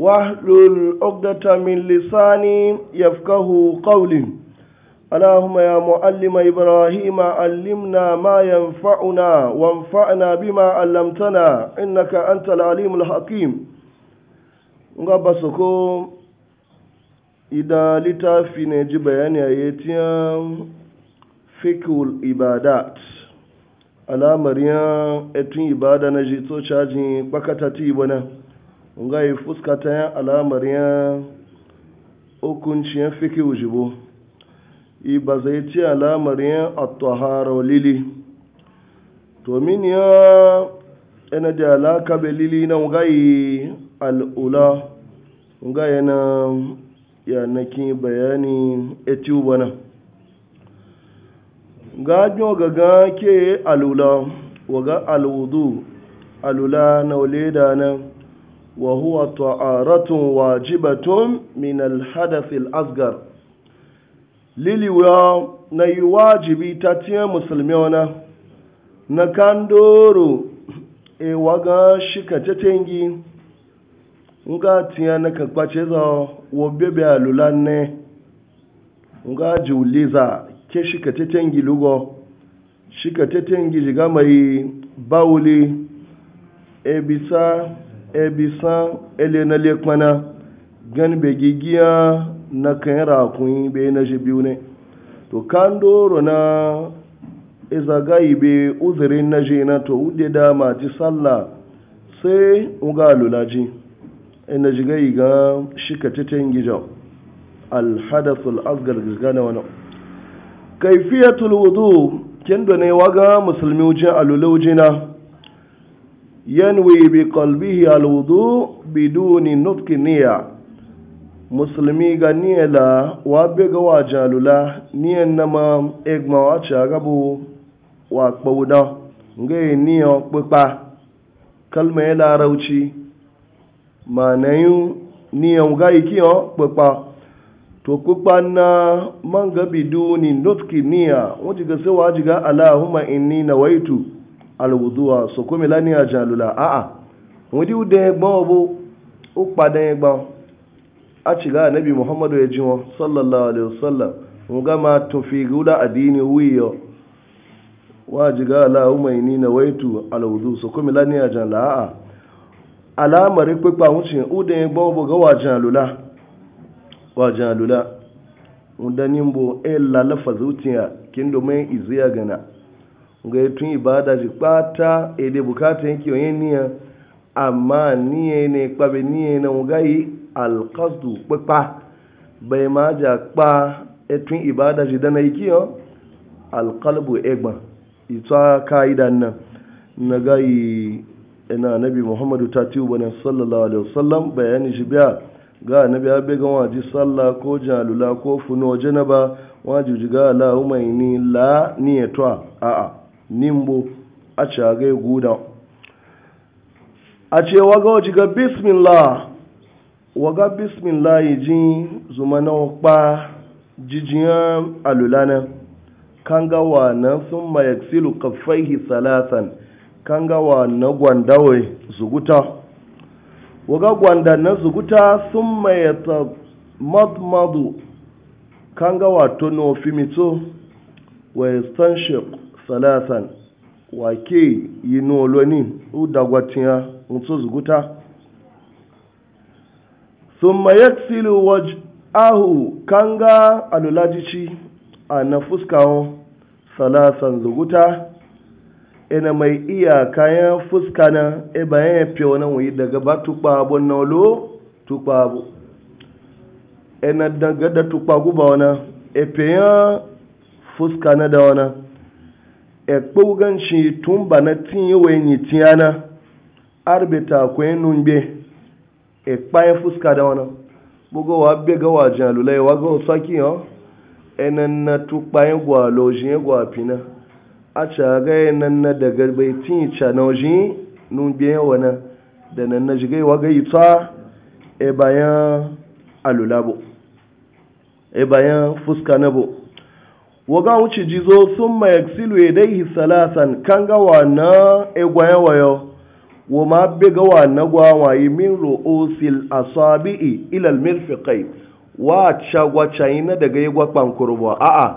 واحلل عقدة من لساني يفقه قولي اللهم يا معلم إبراهيم علمنا ما ينفعنا وانفعنا بما علمتنا إنك أنت العليم ko ngabasoko ida littafi ne ji bayani a yetiyan fikul ibadat alamar yan etun ibada na jito cajin bakatati wani nga yi fuskata ya alamar ya hukunciyar fiki ujibo iba zai ci alamar ya lili to min ya yana da alaka be lili na nga yi al'ula nga yana yanakin bayani etiuba na gajo gaga ke alula waga alwudu alula na wale da nan وهو طهارة واجبة من الحدث الأصغر liliwa na yi wajibi ta tiye musulmi na e waga shika tetengi tengi nga tiya na kakpace za wobe be alula ne nga juliza ke shika ta tengi lugo shika tengi jiga mai bawuli e bisa ebisan ele na lekmana gan be gigiya na kan rakun be na biyu ne to kan doro na yi be uzurin na na to ude da mati sallah sai uga lulaji ina jiga ga shika titin gijan alhadasul asgar gizgana wani kaifiyatul wudu kin ne waga musulmi wujin alulaujina yanwi bi qalbihi alwudu biduni nutki niyya musulmi ga niyya la wa be ga wa jalula niyya nama egma wa cha gabu wa kpawda nge niyya kpekpa kalma ya larauci ma na yi niyya ga iki o kpekpa to kpekpa na man ga biduni nutki niyya wujiga sai wa jiga allahumma inni nawaitu alwuduwa so kome lani a a'a wadi udan egbon obo o padan egbon a ciga anabi muhammadu ya ji wọn sallallahu alaihi wasallam wọn ga ma tofi gula adini wiyo wa jiga ala umaini na waitu alwudu so kome lani ajalula a'a alamari pípa àwọn tí ó dẹ̀ gbọ́ ọgbọ̀gọ́ wà jẹ́ àlùlá wà jẹ́ àlùlá wọ́n dání ń bo ẹ̀ lálẹ́fà ga tun ibada ji kpata ede bukata yanki onye niya amma niye ne kpabe niye na yi alkasdu pepa bai e ma ja kpa etun ibada ji dana iki yo alkalbu egba ita ka'ida nan na yi ina nabi muhammadu ta tiyu bane sallallahu alaihi wasallam bayani shi biya ga nabi ya bai waji sallah ko jalula ko funo janaba waji ji ga la'umaini la niyatwa a'a nimbo a cage gudan a ce waga waje ga bismillah waga bismillah yi ji zuma na wakpa jijiyar alulana kan gawa na sun mayaksilu kafaihi salatan kan gawa na gwandawai zuguta waga gwanda na zuguta sun mayata madmadu kan gawa tono fimito wa istanship salasan ke yi noloni udagwatiya nso zuguta summa yaksilu ahu kanga alulajici a na fuskawo salasan zuguta ina mai iya kayan fuska na e bayan ya fi wani wuyi daga ba tukpa abu na olo tukpa abu ina daga da tukpa guba wani e fiye fuska na da wani ekpauganci tun ba na tinye wayin yi tiyana arbita kwaye nunbe ekpayen fuska da wani bugu wa ga wa jalulai wa ga osaki yau enan na tukpayen gwa lojin gwa fina a ga enan na daga bai tinye canojin ya wani da nan na jigai wa ga yi ta e bayan alulabo e bayan fuska na bo waga wuce jizo sun ma yaksilu yadaihi salasan kan gawa na wayo wa ma bi gawa na gwawaye min ru'usil asabi'i ilal mirfiqai wa chagwa china daga yagwa kpankurbo a'a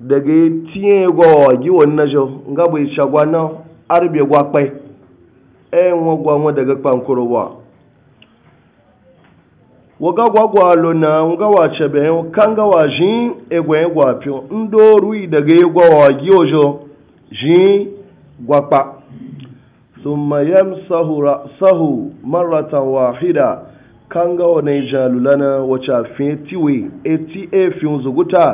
daga tiye gwa gi wannan jo nga bai chagwa na arbe gwa kpai e ngwa gwa daga kpankurbo waga gwagwalo na nga wachebe kanga wa jin egwe gwapyo e ndo rui daga egwa wa gyojo jin gwapa thumma yamsahu ra'sahu maratan wahida kanga wa ne jalulana wacha fetiwe eti efin zuguta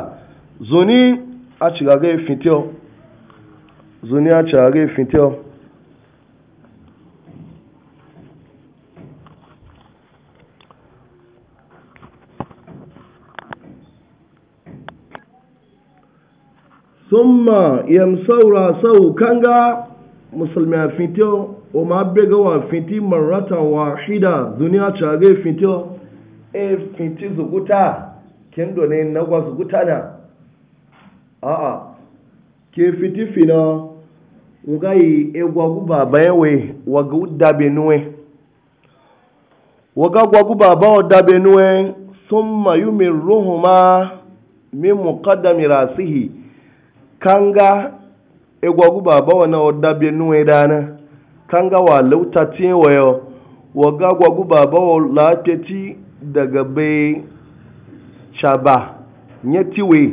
zuni a cigaga efin teo zuni a cigaga efin o. summa yamsau rasau kanga musulmi a fintio o ma bega wa finti marata wahida duniya cage fintio e finti zuguta kendo ne nagwa zuguta na a'a ke fiti fina ngai egwa guba bayewe waga udabe nuwe waga gwa guba ba udabe nuwe summa yumirruhuma min muqaddami rasihi kanga egwagu baba wana odabye nuwe dana kanga wa lauta tiye wayo waga gwagu baba wa lafiya ti daga bai chaba nye tiwe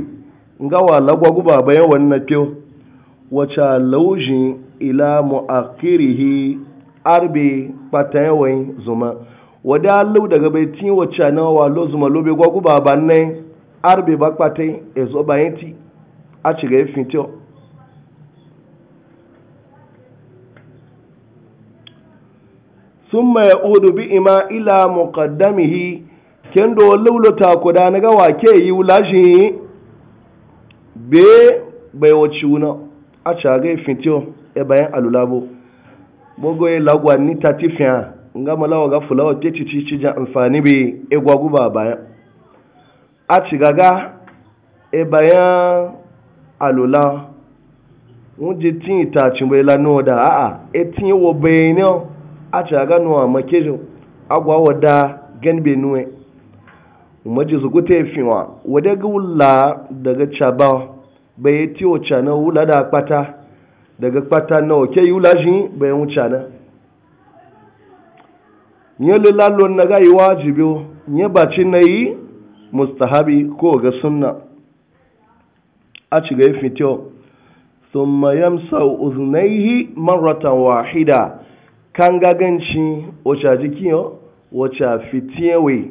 nga wa lagwagu baba yan wannan fiyo wacha laujin ila mu'akirihi arbe patayen wayin zuma wadda allau daga bai tiye wacha na wa lo zuma lobe gwagu baba nan arbe bakpatai ezo bayan ti a ci ga fito sun mai ọdụ bi ima ila muqaddamihi kendo laulata ku da na gawa ke yi wulashi be bai wace wuna a ci ga fito e bayan alulabo bogo ya lagwa ni ta tifiya nga malawa ga fulawa ke ci ci amfani bi e gwaguba bayan a ci gaga e bayan alola wuje tin itacin bai lano da a'a e tin wo bayani a ci aga nuwa makejo agwa wada gan be nuwe umaji su gute fiwa wada ga wula daga chaba bai ti o chana wula da kpata daga kpata na oke wula shi bai wuce na nye lalo na ga yi wajibi nye baci na yi mustahabi ko ga sunna a ci gai fito sun mayan sau uznaihi maratan wahida kan gaganci wacce jiki wacce fitiyewe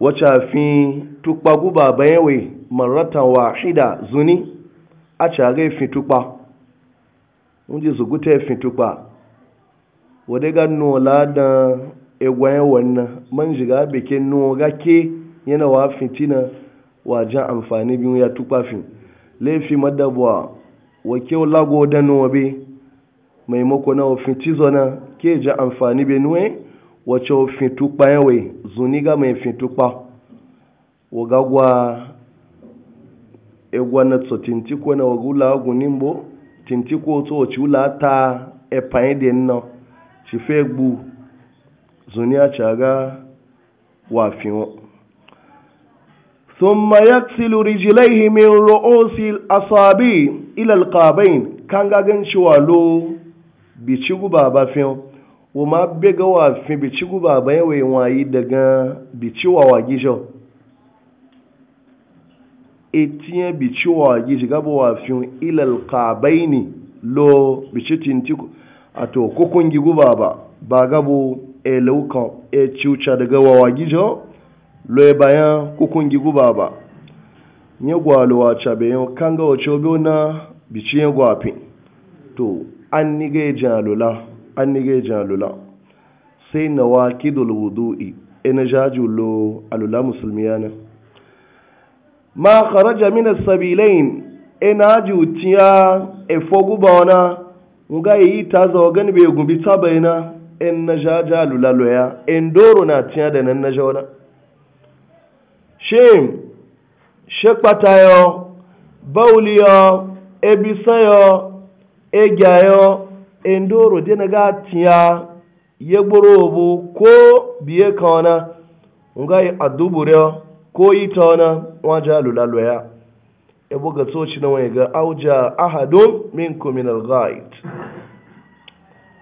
wacce fi tukpa guba bayanwe maratan wahida zuni a ci gai fitukpa wunji zugute fitukpa wadda ga nola da egwayen wannan man shiga bikin noga ke yana wa fitina wa wajen amfani biyu ya tukpafin laifi madabuwa wa kyau lago da nobe maimako na ofin tizo na ke ja amfani benue wace ofin tukpa yawai zuniga mai fin tukpa gagwa egwa na tso tintiko na wagula nimbo tintiko to wace wula ta epayin e da nna ci fe gbu zuniya caga wafin ثم يغسل رجليه من رؤوس الأصابع إلى القابين كان غاغن شوالو بيشيغو بابا فين وما بيغوا فين بيشيغو بابا يوي واي دغا بيشيوا واجيجو etiyan bichiwa gishi gabo wa fiun ilal qabaini lo bichitin tiku ato kokon gigu baba ba gabo e lauka e ciuca daga wawa gijo loye bayan kukungi guba ba nye gwalo wa chabe yon kanga wa chobe na yon gwa gwapi to an nige jan lula an nige jan lula sai na wa kidul i ina jaju lo alula musulmiyana ma kharaja min as-sabilain aji ju tiya e fogu wana nga yi e ta zo gani be gumbi tabaina in na jaja lula loya in doro na tiya da nan na jona shem ya, bauliyo ebisayo egyayo endoro denaga tiya yegboro obu ko biye kawana ngai adubure ko itona waja lulalwaya ebo ga tsoci na wani ga auja ahadun min al-ghaid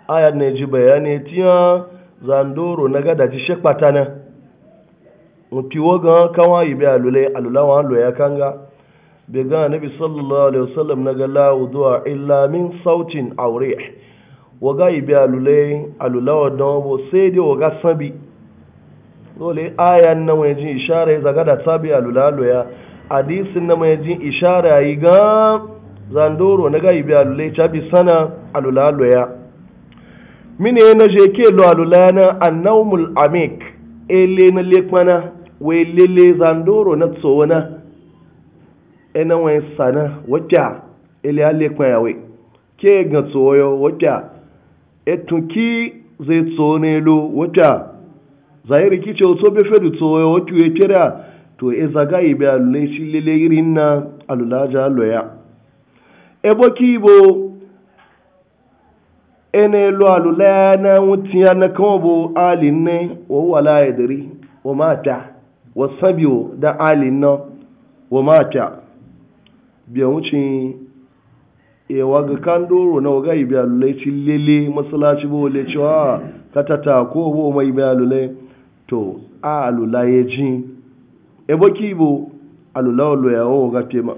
ayat ne ji bayani tiya zandoro na shekpata na. mutiwo ga kawa yi bai alulai alulawa lo ya kanga bai ga nabi sallallahu alaihi wasallam na gala wuduwa illa min sautin aure waga yi bi alulai alulawa don bo sai dai wa ga sabi dole ayan na mai jin ishara ya zaga da sabi alula lo ya hadisin na mai jin ishara yi ga zandoro na ga yi bai alulai cabi sana alula lo ya mine na je ke lo alula na annawmul amik ele na lekwana. wai lele zandoro na tsona ena wai sana wata ele ale kwayawe ke ga tsoyo wata etuki zai tsone lo wata zahiri kice wato be fedu tsoyo wata ya kira to e zaga ibe e alulai shi lele irin na alulaja loya ebo kibo ene lo alulaya na wutiya na kawo bo alin ne wa wala edri o wa mata wasabiyo da alin nan wa mata biya wucin ewa ga kandoro na waga yi biya lulai ci lele masalaci bo le cewa katata ko bo mai biya lulai to a alula ya ji ebo bo alula wa loya wa waga tema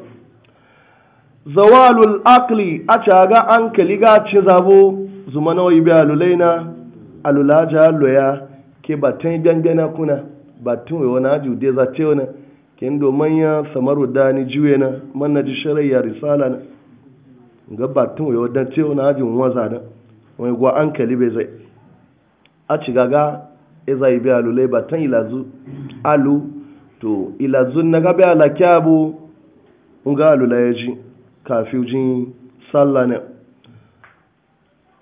zawalul akli a caga an kaliga ci zabo zuma na wa yi biya lulai na alula ja loya ke batan gangana kuna batin wai wani na dai za ce wani kin domin ya samaru da ni juye na manna na ji sharayya risala na ga batun wai wadan ce wani aji waza na wani gwa an kalibe zai a ci gaga e zai bi alulai batun ilazu alu to ilazu na gabe ala kyabu nga alulai ya ji kafin jin sallah na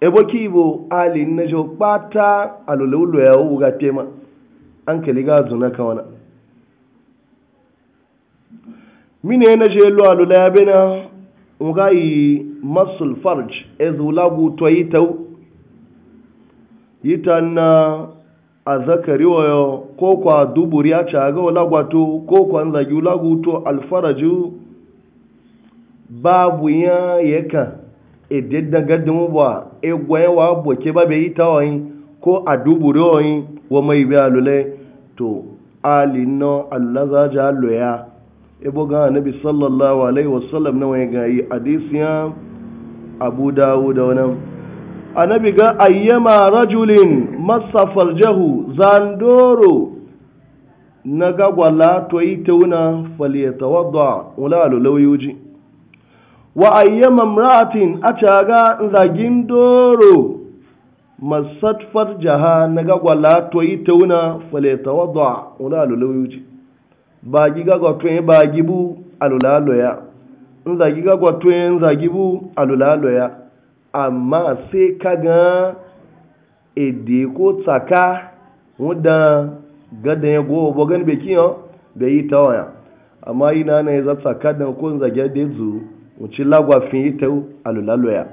ebo kibo ali na jo pata alulai ulo ya wuga tema an kali ga zuna ka wana mine na je lo alu ya bina uga yi masul farj ezulagu to yi tau yi na a zakari wayo ko kwa duburi a caga wala gwato ko kwa zagi wala guto alfaraju babu ya yakan ededdan gaddin ba e gwaye wa boke ba bai yi tawayin ko a duburiyoyin wa mai biya lule to alin na allah za ja loya ibo ga annabi sallallahu alaihi wasallam na wani gayi hadisiya abu dawo da wani annabi ga ayyama rajulin masafar jahu zandoro na gagwala to yi tauna faliyata wadda wula lulauyoji wa ayyama mra'atin a caga zagin doro masatfar jaha na gagwala to yi ta wuna ta wadda wuna alulawi wuce ba gi gagwa to yi ba gibu alulaloya in zagi gagwa to yi zagi bu alulaloya amma sai ka ga ede ko tsaka wadda gada ya gowa gani beki yau bai yi ta waya amma yi na na ya za tsaka da ko zagi da zu wuce lagwafin yi ta alulaloya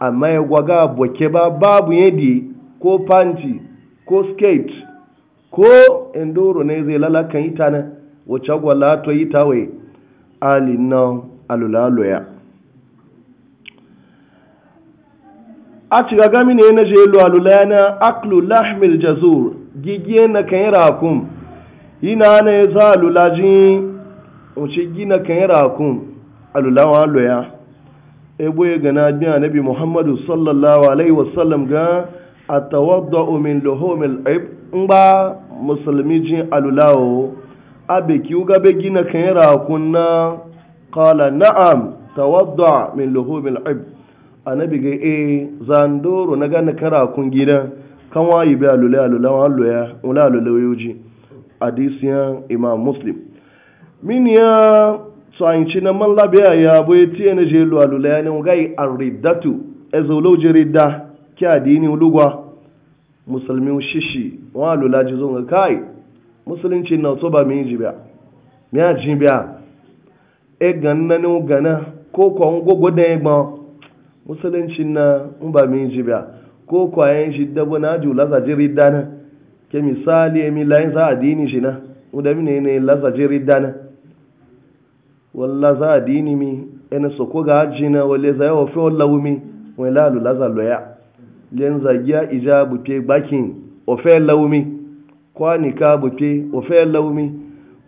amma ya gwaga boke ba babu yadi ko panci ko skate ko enduro ne zai lalakan ita na wacce gwala to yi tawe alin nan alulaloya a ciga gami ne na jelo alulaya na aklu lahmil jazur gigiye na kan yi rakun yana na ya za alulajin wacce gina kan yi rakun alulawa loya eboye gana biya nabi muhammadu sallallahu alaihi wasallam ga a tawadda min lahomil aib in ba musulmi jin alulawo abe kiwu gabe gina kan yi na kala na'am tawadda min lahomil aib annabi ga e zandoro na gana kan rakun gina kan wayi bi alula alula waloya wala alula yoji hadisiyan imam muslim min ya so an ci na man labiya ya bo ya tiye na je luwa lula ya ne gai an riddatu e zaulau je ridda ki adini lugwa musulmi shishi wa lula ji zo ga kai musulunci na so ba mi ji biya mi a ji biya e ganna ne gana ko ko an gogo da e gbon musulunci na n ba mi ji biya ko ko ayan shi dabo na ju lasa je ridda na ke misali e mi layin sa adini shi na uda ne ne lasa je ridda na walla za a dini mi ene so ko ga haji na wale za yawa fi walla wumi wani lalu laza loya len zagiya ija buke bakin ofe laumi kwani ka buke ofe laumi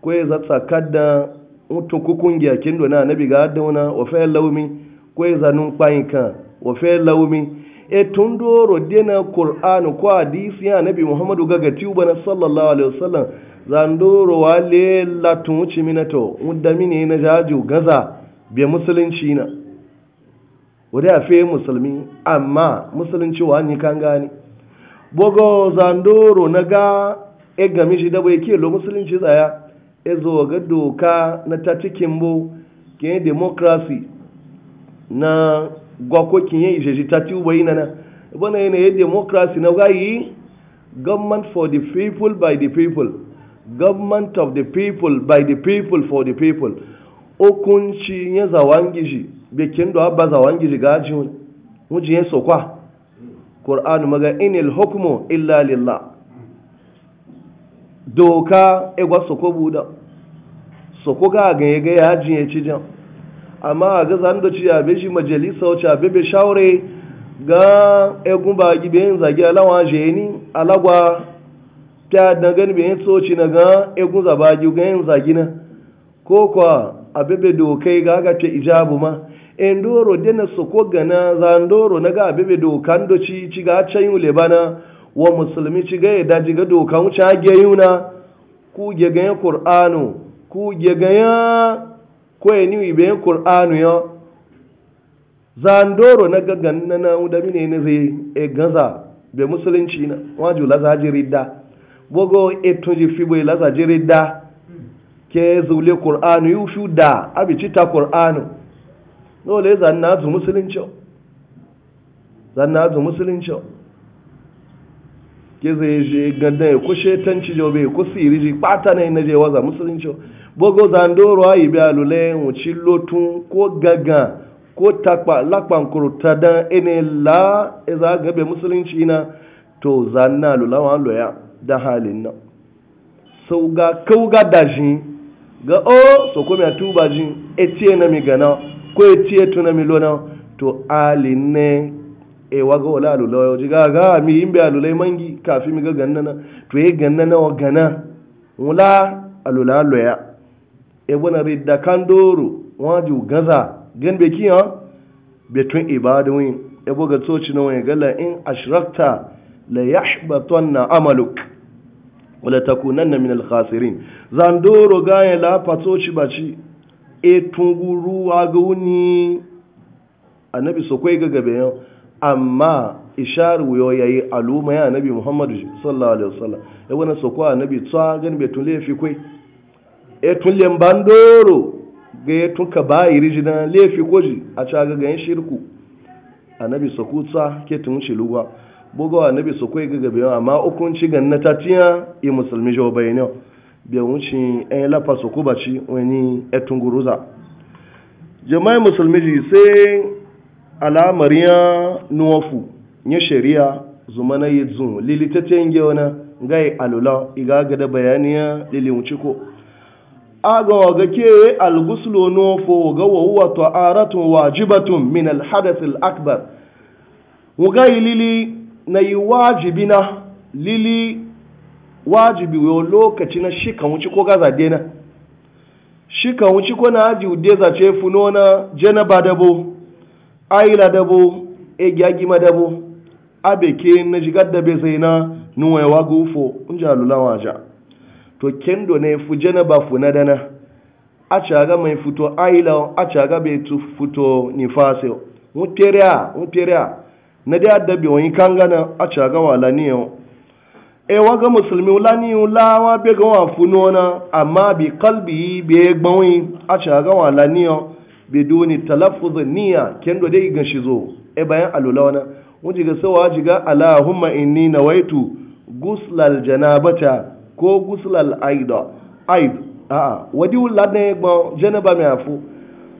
ko ya za zatsa kadda mutu kukungiya kindo na nabi ga adona ofe laumi ko ya za zanun kwayin kan ofe laumi e tun doro dena qur'anu ko hadisi ya nabi muhammadu gaga tuba na sallallahu alaihi wasallam zandoro wale latun wuce minato wadda mini na jaju gaza bai musulunci na wadda ya fi musulmi amma musulunci wa ni kan gani bogo zandoro na ga e gami shi da bai ke lo musulunci tsaya e zo ga doka na ta cikin bo ke demokrasi na gwakokin yin ijeji ta ci ubayi na na bana yanayi demokrasi na gayi government for the people by the people government of the people by the people for the people hukunci ya zawangiji bikin da abba zawangiji gaji wujin ya sokwa ƙor'anu maga inil hukumu illa lillah doka egwa soko buda soko ga ga ga yaji ya ci jan amma ga zan da ci abe shi majalisa wace abe be shawre ga egun ba gibe yin zagi alawa jeni alagwa ta da gani bayan soci na ga egun zaba ji ga yin zagina ko kwa abebe dokai ga ga ta ijabu ma endoro dena soko gana zandoro na ga abebe dokan doci ci ga can yule bana wa musulmi ci ga ya daji ga dokan wuce hage yuna ku ge ganyen kur'anu ku ge ga ya ni be yin qur'anu yo zandoro na ga ganna na da mine ne zai e gaza bai musulunci na wajula za zajiri da bogo eto ji fi bai lasa jere da ke zule qur'anu shu da abici ta qur'anu dole zanna zu musulunci zanna zu musulunci ke zai je ganda ya kushe tanci jobe ko siri ji pata ne na je waza musulunci bogo zandoro ayi bi alule wuci lotun ko gaga ko takpa lakpan kurta dan ene la eza gabe musulunci na to zanna lulawan loya da halin nan sau ga kauga da shi ga o so a tuba jin etie na mi gana ko etie tu na mi lona to alin ne e waga wala alula yo ji gaga mi yimbe alula mangi kafi mi ga ganna na to e ganna na wa gana wala alula loya e bona ridda kandoro waju gaza gan be kiyan betun ibadawin e boga tsoci na wani gala in ashrakta la yahbatanna amaluk wala takunanna min al-khasirin zandoro gaya la ba ci. e tunguru waguni annabi so kwai gagabe yau amma isharu ya yayi aluma ya annabi muhammadu sallallahu alaihi wasallam ya wani so kwa annabi tsa gani be tun laifi kwai e tun lembandoro ga tun ka yi rijina lefi koji a ca ga gayin shirku annabi so kutsa ke tun shi lugwa bugawa na bisu kai gaga biyan amma hukunci ga na tatiya i musulmi jo yau. biyan wuce ɗan lafa su kubaci wani etun guruza jama'i musulmi ji sai alamari ya nuwafu ya shari'a zuma na yi zun lilitata yin gewana gai alula iga gada bayaniya lilin wuce ko aga waga ke alguslo nuwafu ga wawuwa ta'aratun wajibatun min alhadath akbar wuga yi lili na yi wajibi na lili wajibi wa lokaci na shi kan wuce ko gaza dena shi kan wuce ko na aji za ce funo na janaba dabo aila dabo dabo, abe ke na jigar da bai sai na nuwa ya waga ufo in ji alulawa ja to kendo ne fu janaba ba na dana a aga mai fito aila a aga bai fito nifasio mutere a mutere a na dai adabi wani na a caga wa laniyo yau e waga musulmi laniyo ni wa be ga wa na amma bi qalbi be gbawi a caga wa laniyo yau duni talaffuz niyya kendo dai gan shi zo e bayan alula wana wuji ga sawa jiga allahumma inni nawaitu guslal janabata ko guslal aida aid a'a wadi wala ne gbo janaba mi afu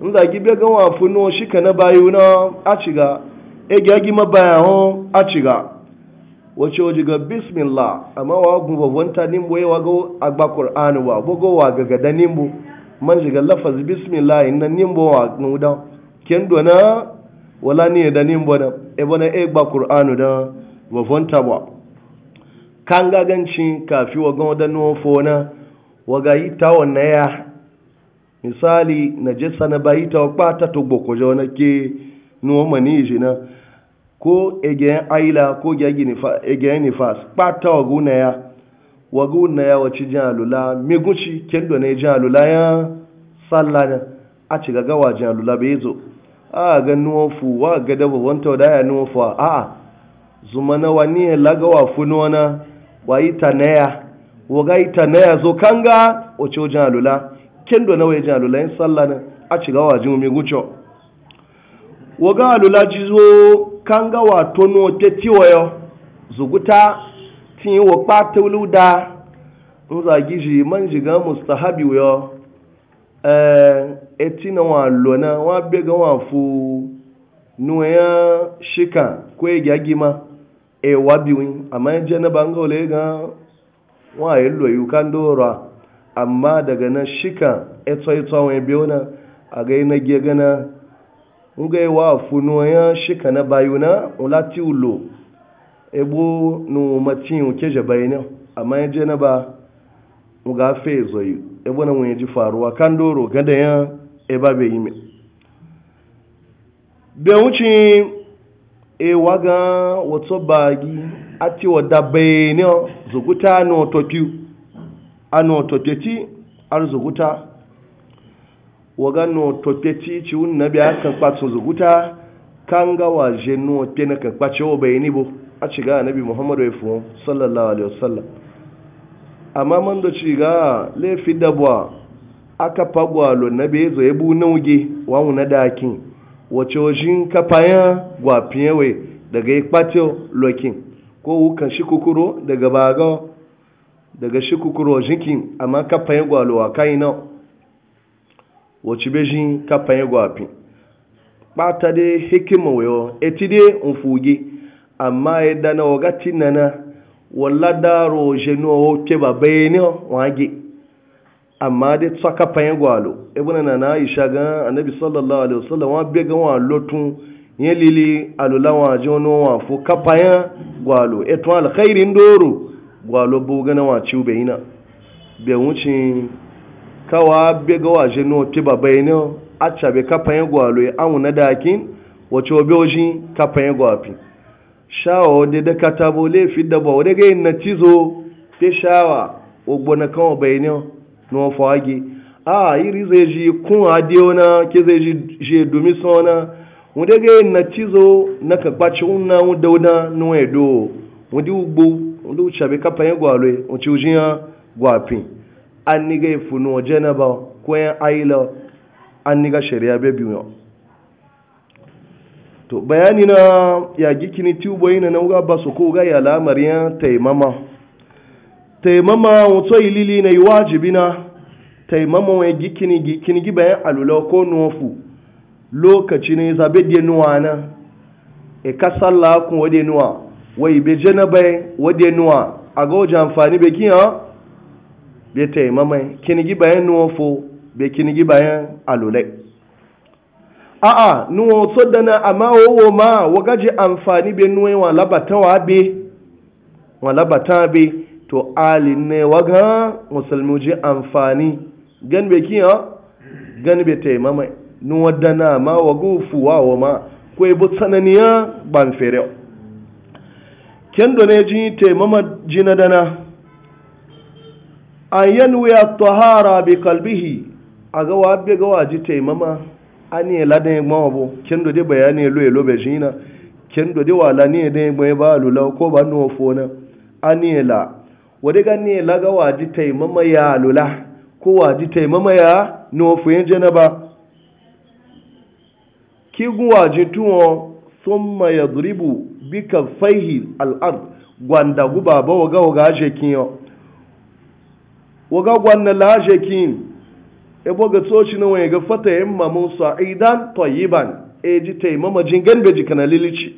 nda gibe ga wa funo shi kana bayuna a ciga ege gị mabaya hon a ciga wace waje ga bismillah amma wa gun babban ta nimbo yawa ga agba qur'ani wa bogo wa ga gada nimbo man jiga lafaz bismillah inna nimbo wa nuda ken dona wala ni da nimbo da e bona e gba qur'ani da babban ba kan ga ganci kafi wa ga da no fona wa ga yi ta wannan ya misali najasa na bayi wa kpata to gboko jona ke nuwa mani shi na ko egeyen aila ko egeyen nifas kpata wagu na ya wagu na ya wace jin alula miguci kendo na jin alula ya salla na a ci gaga wa jin alula bai zo a ga nuwa fu wa ga daba wanta da ya nuwa fu a a zuma na wani ya laga wa fu nuwa na wa yi ta na ya waga yi ta na ya zo kanga wace jin alula kendo na wa jin alula ya salla na a ci gawa jin miguci waga alula jizo kanga wa tono te tiwayo zuguta ti wo pata uluda nza giji man jiga mustahabi yo eh etina wa lona wa bega wa fu nuya shika kwe gagima e wabiwin amma na bangole ga wa yello kandora amma daga na shika eto eto wa biona aga ga na gegana ngai wa funo ya shika na bayuna ulati ulo ebo no matin uke je bayina amma ya je na ba uga fe zoyi ebo na wani ji faruwa kan doro gada ya eba ba be yime be wuci e waga wato bagi ati wada bayina zuguta no totiu ano toteti arzuguta wagano topeti ci un na biya kan kwatsun zuguta kan gawa jenu te na kan kwace wa bayani bo a ci ga nabi muhammadu fu sallallahu alaihi wasallam amma man do ci ga lefi dabwa aka pagwa lo na zo ya bu na wuge wa na dakin wace wajen kafaya gwafiyewe daga ya kwace lokin ko wukan shi kukuro daga baga daga shi kukuro jinkin amma gwa lo kai na wacce bejin kafan ya gwafi ɓata dai hikima wayo eti dai in fuge amma ya dana nana tinana wala daro jeno baba ba bayani wage amma dai tsa kafan ya gwalo ibn nana aisha gan anabi sallallahu alaihi wasallam wa be ga wa lotun yen lili alula wa jono wa fu kapa ya gwalo etu alkhairin doro gwalo bu ga na wa ciube ina be wucin kawa be ga waje no ti babai ne a cabe kafan ya gwalo ya e, amu na dakin wace obe waje kafan ya gwafi shawa da da katabo le fi da ba wadda ga na cizo te shawa ogbo na kan obai ne no fage a iri zai ji kun adiyo na ke zai ji je domi sona wadda ga yin na cizo na ka gbaci wunna wadda wadda nuwa edo wadda e ugbo wadda cabe kafan ya e, gwalo ya wace waje ya gwafin an niga ifuno janaba ko yan aila an niga shari'a be biyo to bayani na ya gikini tubo ina na uga basu ko ga ya lamariya taimama taimama wato ilili na yi wajibina taimama wani gikini gikini gi bayan alula ko nufu lokaci ne zabe de nuwa na e ka sallah kun wade nuwa wai be janaba wade nuwa a ga wajen amfani be kiyan be taimamai kinigi bayan fo be kinigi bayan alulai a'a so dana amma wowo ma wagaji amfani be nuwe wa labata wa be wa labata be to ali ne waga musulmi ji amfani gan be kiya gan be taimamai nuwa dana ma wagu fuwa wa ma ko ibu tsananiya ban fere kendo ne ji taimama jina dana an yanwiya tahara bi kalbihi a ga wa abbe ga waji taimama an yi ladan gbawa bo kin do de bayani lo lo be jina kin do de wala ne de gbe ba lula ko ba no na an yi la wade ga ne la ga waji taimama ya lula ko waji taimama ya no fuyin janaba ki gun waji tuwo thumma yadribu bi kaffaihi al-ard gwanda guba ba waga waga shekin yau waga gwanna lajekin ebo ga tsoci na wani ga fata yin mamun sa'idan tayyiban e ji taimama jingan da jika na lilici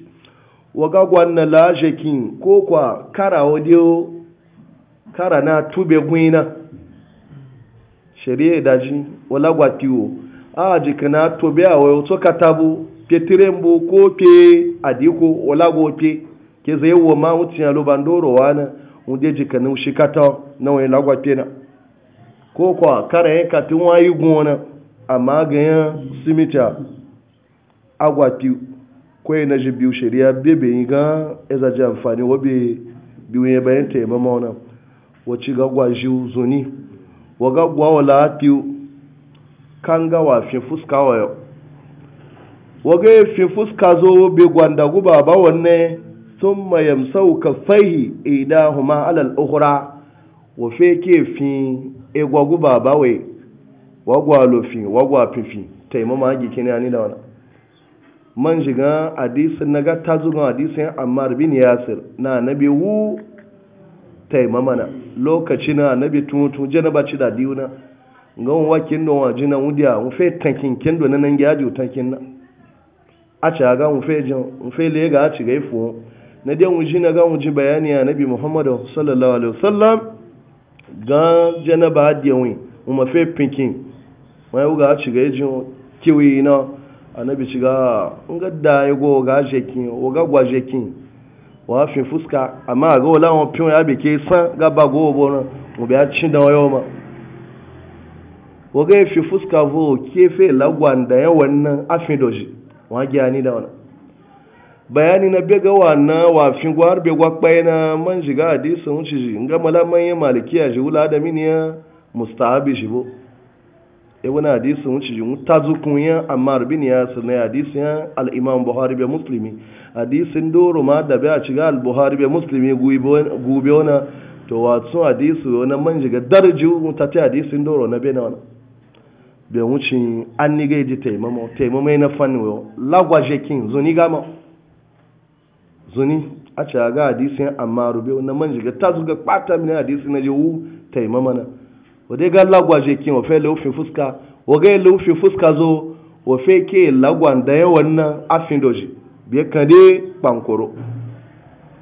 waga gwanna lajekin ko kwa kara wadiyo kara na tube gwina shari'a daji wala gwatiwo a jika na tube a wayo bu tabu petirembo ko pe adiko wala gope ke zai wa ma wucin alubandoro wana wunde jika na ushikata na wani lagwapena. ko kwa kare yin katin wayi gona amma ga simita agwati ko na ji biyu shari'a bebe yi ga ezaji amfani wabe biyu ya bayan ta yaba mauna wacce gagwa gwaji zoni wa ga gwawa lafiyu kan gawa wafin fuska wa yau wa ga fin fuska zo be gwanda guba ba wanne sun mayamsau ka fahi idan huma ukhra wa fe ke fin egwagu ba bawe wagwa lofi wagwa fifi taimama gikin ya ni da wani man shiga hadisin na ga ta zuwa hadisin ammar bin yasir na nabi wu taimama na lokaci na nabi tumutu janaba ci da diuna ngan wakin don waji na wudiya mu fe tankin kendo na nan gyaji tankin na a ci ga mu fe jin mu fe le ga ci ga ifu na dai mu ji na ga mu ji bayani ya nabi muhammadu sallallahu alaihi wasallam gan janaba adiyanwi umar fe pinkin wani ka shiga yajin kiwi na anabi shiga nga da yago ga shekin oga gwa shekin wa fi fuska amma ga wala won pin ya be ke san ga ba go bo na mo be a cin da wayo ma oga fi fuska vo ke fe lagwan da yawan nan afin doji wa ga ni da wannan bayani na bega wa na wa fin gwar be kpai na man jiga hadisi mun shi nga mala ya malikiya ji wula da min ya mustahabi shi bo e wani hadisi mun shi mun tazukun ya ammar bin ya sunna hadisi ya al imam buhari be muslimi hadisin doro ma da be a ciga al buhari be muslimi gube wana to watsu hadisi wani man jiga darji mutati hadisin doro na be na wana be wucin an ni gaji taimamo taimamo na fanni lagwaje kin zo gama zuni a ce ga hadisi amma rube na man jiga ta zuga kpata mini hadisi na jewu ta yi mamana wadai ga lagwa je kin wafe laufin fuska waga laufin fuska zo wafe ke lagwa da ya wannan afin doji biya kan dai kpankoro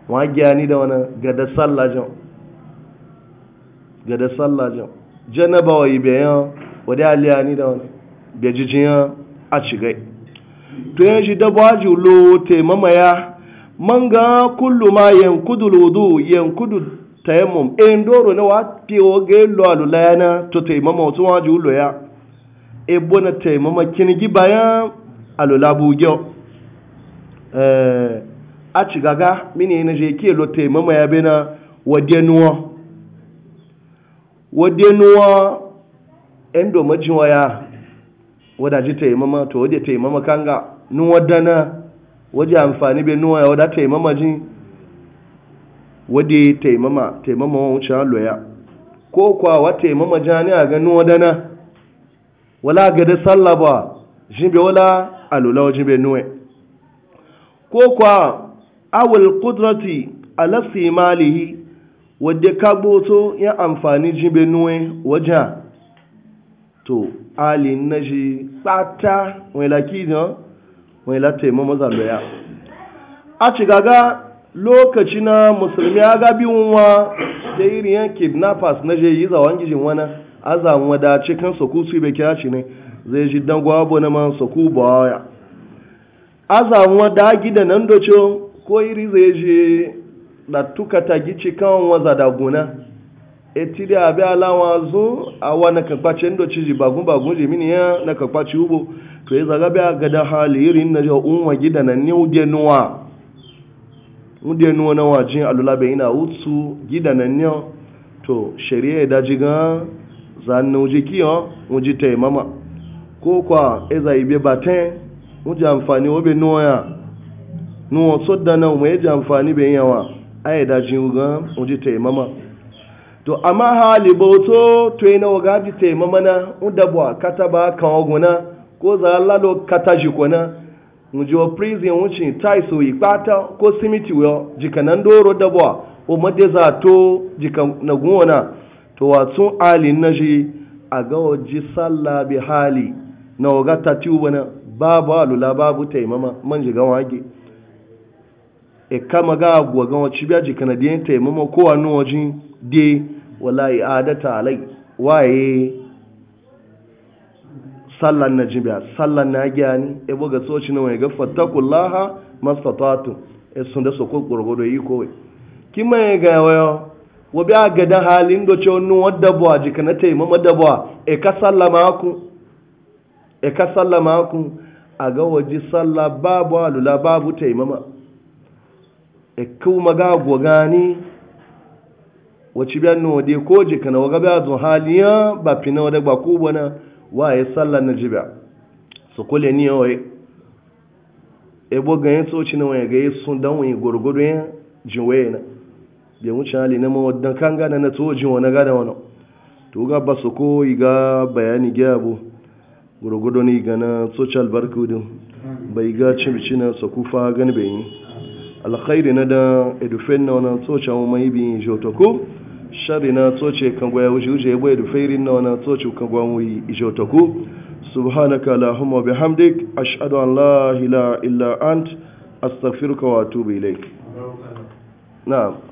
wa gyani da wani gada sallajen gada sallah janaba wa yi bayan wadai aliya ni da wani biya jijiyan a cigai to yanzu dabwa ji lo te mamaya man ga kullu ma yankudu wudu yankudu tayammum en doro na wati o ge lo alula yana to taimama to waji ulo ya e bona taimama kinigi bayan alula gyo eh a ci gaga mini na je ke lo taimama ya bena wadenuwa wadenuwa en do majin waya wadaji taimama to wade taimama kanga nuwa dana waje amfani bai nuwa wadda taimama ji wadda taimama taimama wa wuce loya ko kwa wa taimama jani a ganin wadana wala ga da tsalla ba bai wala alula wajen bai nuwa ko kwa awul kudrati alasi malihi wadda gboto ya amfani bai nuwa wajen to alin na shi tsata wani laki jan mai lato yi mamaza loya a ci gaga lokaci na musulmi a gabi wa da iriyan kidnappers na je yi zawon gijin wani azan wada cikin soku su bai kira shi ne zai ji dan gwabo na man soku baya azan wada gida nan doce ko iri zai je da tuka ta gici kan waza da guna etili abi alawa zo a wa kakpace ndo ciji bagun bagun jimini ya na kakpace ubo to ya zaga biya ga da halirin na unwa gida na ni ude nuwa ude nuwa na wajen alula bai ina utsu gida na ni to shari'a ya daji ga zanna uji kiyo uji ta mama ko kwa eza ibe baten uji amfani obe nuwa ya nuwa sodda na umu eji amfani be yawa a ya daji ga uji ta mama to amma hali bauto to yi na waga ji ta mama na uda kataba kan oguna ko za lalo kataji kona ji wa prison wuce tai so ipata ko simiti wo jika nan doro dabwa o madde za to jika na gona to watsun ali naji a ga waje sallah bi hali na waga tatiyu bana babu alula babu taimama man jiga wage e kama ga agwa ga wacce biya jika na diyan taimama ko wani waje de wala adata alai waye sallan na jibiya sallan na gyani e boga soci na wani gafa takullaha mastatatu e sun da so ko gurgudu yi kowai ki mai ga wayo wa bi aga da halin do cewa nu wadda buwa aji kana taimama mama buwa e ka sallama ku e ka sallama ku ga waji salla babu alula babu taimama? e ku maga gogani wace biyan no ko jika na waga biya zo haliya ba fina wada ba ku bana wa ya sallar na jiba su kule ni yawai ebo ganyen tsoci na wani gaye sun dan wani gwargwado yin jinwaye na bai wuce hali na mawadan kan gana na tsohon jinwa na gada wani to ga ba su ko ga bayani gya abu gwargwado ni ga na tsoci albarka wudin bai ga cimici na su kufa gani bai yi alkhairi na da edufen na wani tsoci mai bin jotoko shari na tsoce kan gwaya wuce wuce ya bai da fairin na wani tsoce kan gwa mu ijotaku subhanaka allahumma bihamdik ashhadu an la ila illa ant astaghfiruka wa atubu ilaik na'am